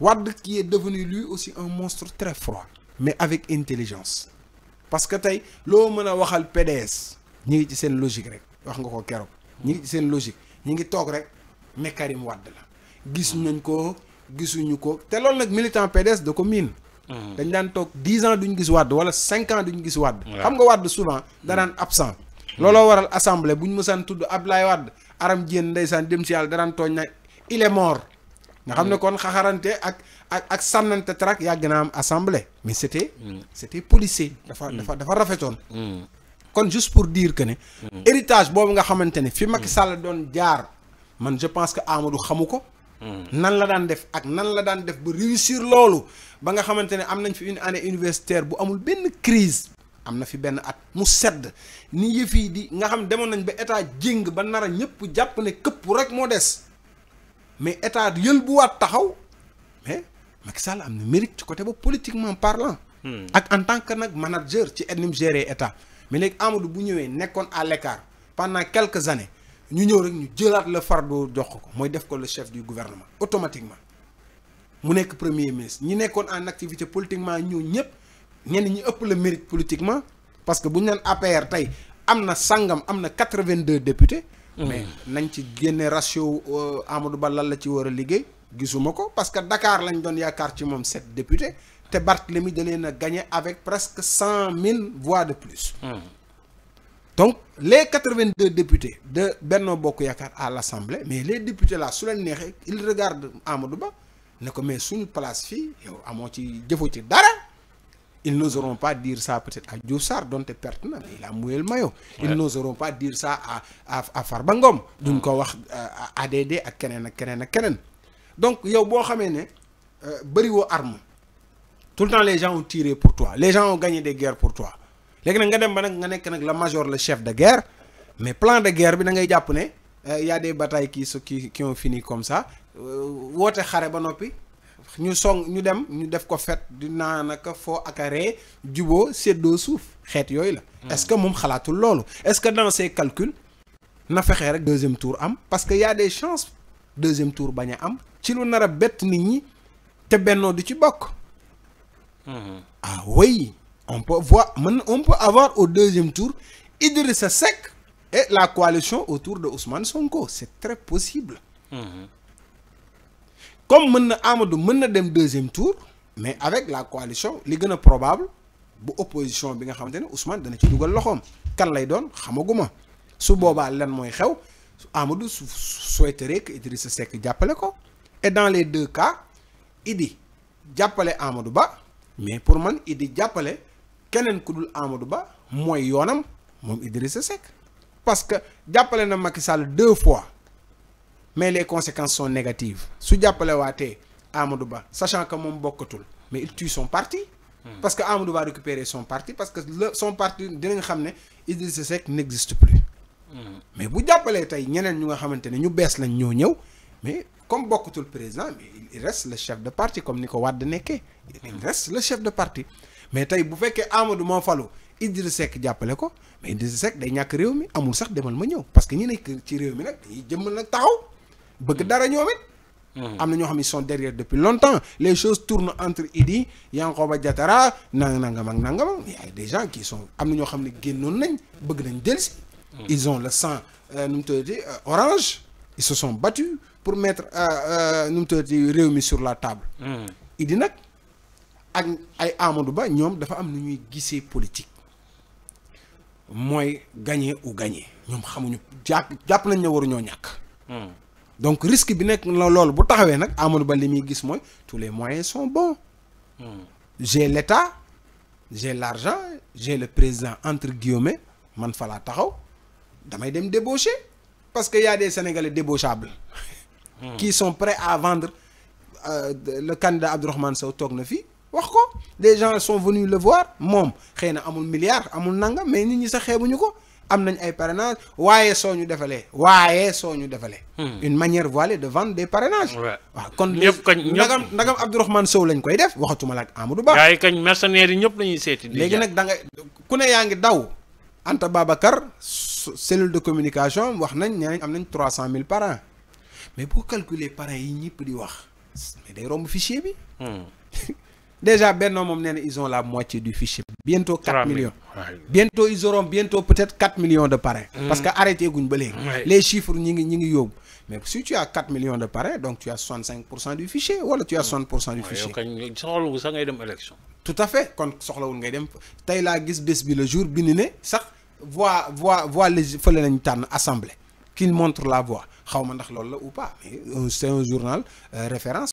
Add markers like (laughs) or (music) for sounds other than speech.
Wad qui est devenu lui aussi un monstre très froid mais avec intelligence parce que tay, lo meuna waxal PDS ñi ci sen logique rek wax nga ko kérok. ñi ci sen logique ñi ngi tok rek mais Karim Wade la gis nañ ko gisuñu ko Té lool nak militant PDS de commune. dañ dan tok dix ans duñ gis Wad, wala cinq ans duñ gis Wad. xam nga Wade souvent da daan absent Lolo waral assemblée buñ mësan tuddu tudd Ablaye Wade Aram Diène ndaysan dem ci yalla da daan tooñ il est mort nga xam kon xaxarante ak ak ak sànnante track yàgg am assemblée. mais c'était mm. c'était c' policier. dafa mm. dafa dafa rafetone mm. kon juste pour dire que né héritage bobu nga xamantene fi Macky Sall don jaar man je pense que Amadou xamu ko. nan la dan def ak nan la dan def bu réussir lolu ba nga xamantene am nañ fi une année universitaire bu amul ben crise amna fi ben at mu sedd ni yëf di nga xam demoon nañ ba état jing ba nara ñepp jàpp ne këpp rek mo dess mais état wat taxaw mais Macky Sall am mérite ci côté politiquement parlant. Hmm. ak en tant que nak manager ci ni gérer état mais nek Amadou bu ñëwee nekkoon à l'écart pendant quelques années ñu ñëw rek ñu jëlat le fardeau jox ko moy def ko le chef du gouvernement automatiquement mu nek premier ministre ñi nekkoon en activité politiquement ñu ñëpp ñen ñi ëpp le mérite politiquement parce que buñu ñu APR tay amna sangam amna 82 députés mais mm. il euh, y a Amadou Ballal qui a été ligué, parce que Dakar a donné 7 députés, et Barthélemy a gagné avec presque 100 000 voix de plus. Mm. Donc, les 82 députés de Bernard Boko à l'Assemblée, mais les députés là, sur ils regardent Amadou ba ils ne connaissent pas place fille, ils ont été dévotés ils n'oseront pas dire ça peut-être à Diossar, dont est pertinent, mais il a mouillé le maillot. Ils n'oseront pas dire ça à, à, à Farbangom, euh, donc à ADD, à Kenen, à Kenen, à Kenen. Donc, il y a beaucoup armes. Tout le temps, les gens ont tiré pour toi. Les gens ont gagné des guerres pour toi. Les gens ont le major, le chef de guerre. Mais plan de guerre, il euh, y a des batailles qui, qui, ont fini comme ça. Euh, Wote ba ñu song ñu dem ñu def ko fet di naanaka foo akaree juboo do souf yoy la. Mm. est-ce que mom xalatul lolu est-ce que dans ces calculs na fait rek deuxième tour am parce que y a des chances deuxième tour si am ci lu nara tour, bett nit ñi un deuxième du ci mm-hmm. ah oui on peut voir on peut avoir au deuxième tour Idrissa Seck et la coalition autour de Ousmane Sonko c'est très possible. Mm-hmm comme Amadou peut aller deuxième tour mais avec la coalition li gën a probable bu opposition bi nga xamante ne Ousmane dana ci dugal un kan lay doon xamaguma su boobaa lan mooy xew Amadou souhaiterait que Idrissa Seck le ko et dans les deux cas Idi jàppale Amadou Ba mais pour man Idi jàppale keneen ku dul Amadou Ba c'est yonam, c'est Idrissa Seck parce que jàppale na Macky Sall deux fois mais les conséquences sont négatives Si jàppale waatee Amadou Ba sachant que moom bokkatul mais il tue son parti. Hmm. parce que Amadou va récupérer son parti parce que son parti dinañ xam Idriss Seck n'existe plus. Hmm. mais bu jàppalee tey ñeneen ñu nga xamante ne ñu bees lañ ñoo ñëw mais comme le président mais il reste le chef de parti comme ni ko il hmm. reste le chef de parti. mais tey bu que Amadou moo falu Idrissa Seck jàppale ko mais Idrissa Seck day ñàkk réew mi amul sax de ma faire, parce que ñi nekk ci réew mi nag dañuy jëmmal nag taxaw bëgg dara ñoom it. Hmm. am ñoo xam ne derrière depuis longtemps les choses tournent entre Idi Yankoba Diatara nangam ak nangam y a des gens qui sont am na ñoo xam ne génnoon bëgg nañ dellusi. Hmm. ils ont le sang euh, nu mu tuddati euh, orange ils se sont battus pour mettre euh, nu mu tuddati réew sur la table. Hmm. Idi nag ak ay Amadou Ba ñoom dafa am ñuy gisee politique. mooy gagner ou gagner ñoom xamuñu jàpp jàpp nañ ne waruñoo ñàkk donc risque bi que loolu bu taxawé nak Amadou Ba gis tous les moyens sont bons hmm. j'ai l'état j'ai l'argent j'ai le président entre guillemets man fa la taxaw damay dem débaucher parce que y a des sénégalais débauchables hmm. qui sont prêts à vendre euh, le candidat Abdourahmane Sow tok na les gens sont venus le voir mom xëy un amul milliard amul nanga mais nit ñi sa xébuñu ko am nañ ay parrainage waaye soñu défalé defalee soñu défalé hmm. une manière voilée de vendre des parrainages. waaw kon ñëpp kañ ñëpp ndagam Abdourahmane Sow lañ koy def waxatuma lak Amadou Ba. gay yi kañ mercenaires yi ñëpp lañuy séti légui nak da nga ku ne yaangi daw. Anta Babacar cellule de communication wax nañ ñaañ am nañ trois cent mille mais pour calculer parrains yi ñëpp di wax mais day romb fichier bi. Hmm. (laughs) déjà Benno moom nee na ils ont la moitié du fichier. bientôt 4 millions bientôt ils auront bientôt peut-être 4 millions de parrains. Mm. parce que arrêté les chiffres n'y mais si tu as 4 millions de parrains donc tu as 65 du fichier voilà tu as 60 du fichier. tout à fait quand tu as dem le jour où tu as sax voix qu'il montre la voix ou pas euh, c'est un journal euh, référence.